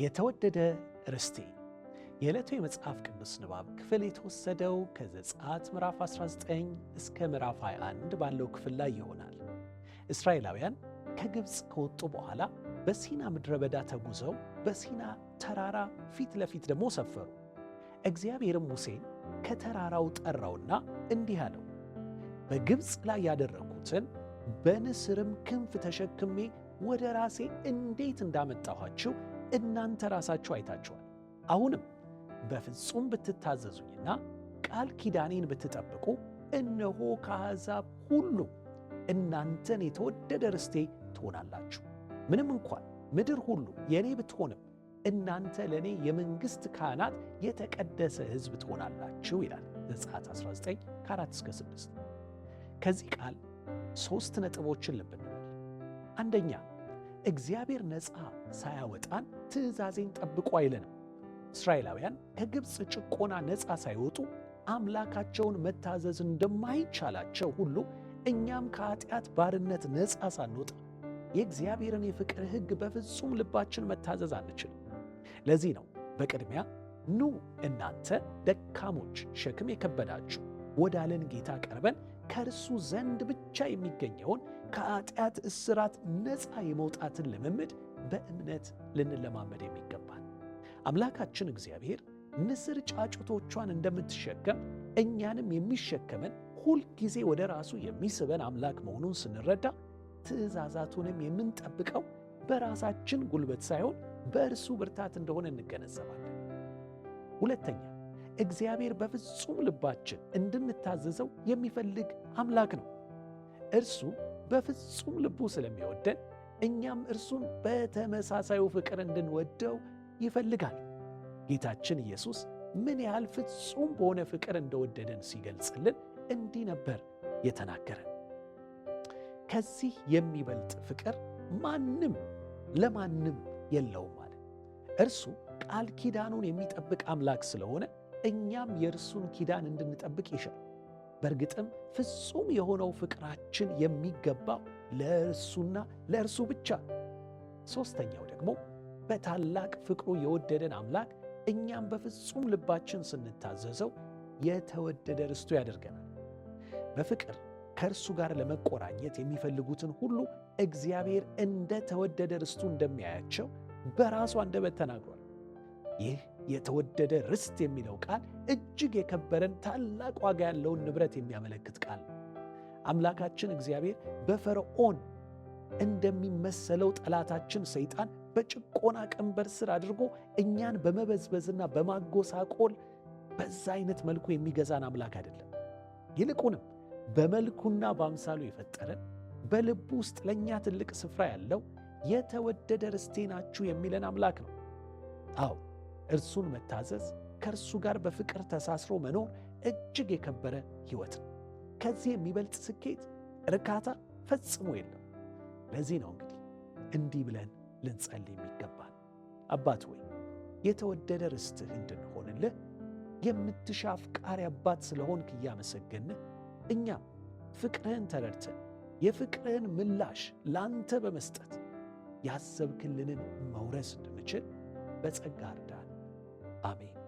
የተወደደ ርስቴ የዕለቱ የመጽሐፍ ቅዱስ ንባብ ክፍል የተወሰደው ከዘጸአት ምዕራፍ 19 እስከ ምዕራፍ 21 ባለው ክፍል ላይ ይሆናል። እስራኤላውያን ከግብፅ ከወጡ በኋላ በሲና ምድረ በዳ ተጉዘው በሲና ተራራ ፊት ለፊት ደግሞ ሰፈሩ። እግዚአብሔርም ሙሴን ከተራራው ጠራውና እንዲህ አለው፣ በግብፅ ላይ ያደረግኩትን በንስርም ክንፍ ተሸክሜ ወደ ራሴ እንዴት እንዳመጣኋችሁ እናንተ ራሳችሁ አይታችኋል። አሁንም በፍጹም ብትታዘዙኝና ቃል ኪዳኔን ብትጠብቁ እነሆ ከአሕዛብ ሁሉ እናንተን የተወደደ ርስቴ ትሆናላችሁ። ምንም እንኳን ምድር ሁሉ የእኔ ብትሆንም እናንተ ለእኔ የመንግሥት ካህናት የተቀደሰ ሕዝብ ትሆናላችሁ ይላል ዘጸአት 19 ከ4 እስከ 6። ከዚህ ቃል ሦስት ነጥቦችን ልብ እንበል። አንደኛ እግዚአብሔር ነፃ ሳያወጣን ትእዛዜን ጠብቁ አይለንም። እስራኤላውያን ከግብፅ ጭቆና ነፃ ሳይወጡ አምላካቸውን መታዘዝ እንደማይቻላቸው ሁሉ እኛም ከኃጢአት ባርነት ነፃ ሳንወጣ የእግዚአብሔርን የፍቅር ሕግ በፍጹም ልባችን መታዘዝ አንችልም። ለዚህ ነው በቅድሚያ ኑ እናንተ ደካሞች ሸክም የከበዳችሁ ወዳለን ጌታ ቀርበን ከእርሱ ዘንድ ብቻ የሚገኘውን ከኃጢአት እስራት ነፃ የመውጣትን ልምምድ በእምነት ልንለማመድ የሚገባል። አምላካችን እግዚአብሔር ንስር ጫጩቶቿን እንደምትሸከም እኛንም የሚሸከመን ሁልጊዜ ወደ ራሱ የሚስበን አምላክ መሆኑን ስንረዳ ትእዛዛቱንም የምንጠብቀው በራሳችን ጉልበት ሳይሆን በእርሱ ብርታት እንደሆነ እንገነዘባለን። ሁለተኛ እግዚአብሔር በፍጹም ልባችን እንድንታዘዘው የሚፈልግ አምላክ ነው። እርሱ በፍጹም ልቡ ስለሚወደን እኛም እርሱን በተመሳሳዩ ፍቅር እንድንወደው ይፈልጋል። ጌታችን ኢየሱስ ምን ያህል ፍጹም በሆነ ፍቅር እንደወደደን ሲገልጽልን እንዲህ ነበር የተናገረን። ከዚህ የሚበልጥ ፍቅር ማንም ለማንም የለውም አለ። እርሱ ቃል ኪዳኑን የሚጠብቅ አምላክ ስለሆነ እኛም የእርሱን ኪዳን እንድንጠብቅ ይሻል። በእርግጥም ፍጹም የሆነው ፍቅራችን የሚገባው ለእርሱና ለእርሱ ብቻ። ሦስተኛው ደግሞ በታላቅ ፍቅሩ የወደደን አምላክ እኛም በፍጹም ልባችን ስንታዘዘው የተወደደ ርስቱ ያደርገናል። በፍቅር ከእርሱ ጋር ለመቆራኘት የሚፈልጉትን ሁሉ እግዚአብሔር እንደ ተወደደ ርስቱ እንደሚያያቸው በራሱ አንደበት ተናግሯል። ይህ የተወደደ ርስት የሚለው ቃል እጅግ የከበረን ታላቅ ዋጋ ያለውን ንብረት የሚያመለክት ቃል ነው። አምላካችን እግዚአብሔር በፈርዖን እንደሚመሰለው ጠላታችን ሰይጣን በጭቆና ቀንበር ስር አድርጎ እኛን በመበዝበዝና በማጎሳቆል በዛ አይነት መልኩ የሚገዛን አምላክ አይደለም። ይልቁንም በመልኩና በአምሳሉ የፈጠረን በልቡ ውስጥ ለእኛ ትልቅ ስፍራ ያለው የተወደደ ርስቴ ናችሁ የሚለን አምላክ ነው። አዎ እርሱን መታዘዝ፣ ከእርሱ ጋር በፍቅር ተሳስሮ መኖር እጅግ የከበረ ሕይወት ነው። ከዚህ የሚበልጥ ስኬት፣ እርካታ ፈጽሞ የለም። ለዚህ ነው እንግዲህ እንዲህ ብለን ልንጸልይ የሚገባል። አባት ወይ የተወደደ ርስትህ እንድንሆንልህ የምትሻ አፍቃሪ አባት ስለሆንክ እያመሰገንህ እኛም ፍቅርህን ተረድተን የፍቅርህን ምላሽ ላንተ በመስጠት ያሰብክልንን መውረስ እንድንችል በጸጋ እርዳን። Amén.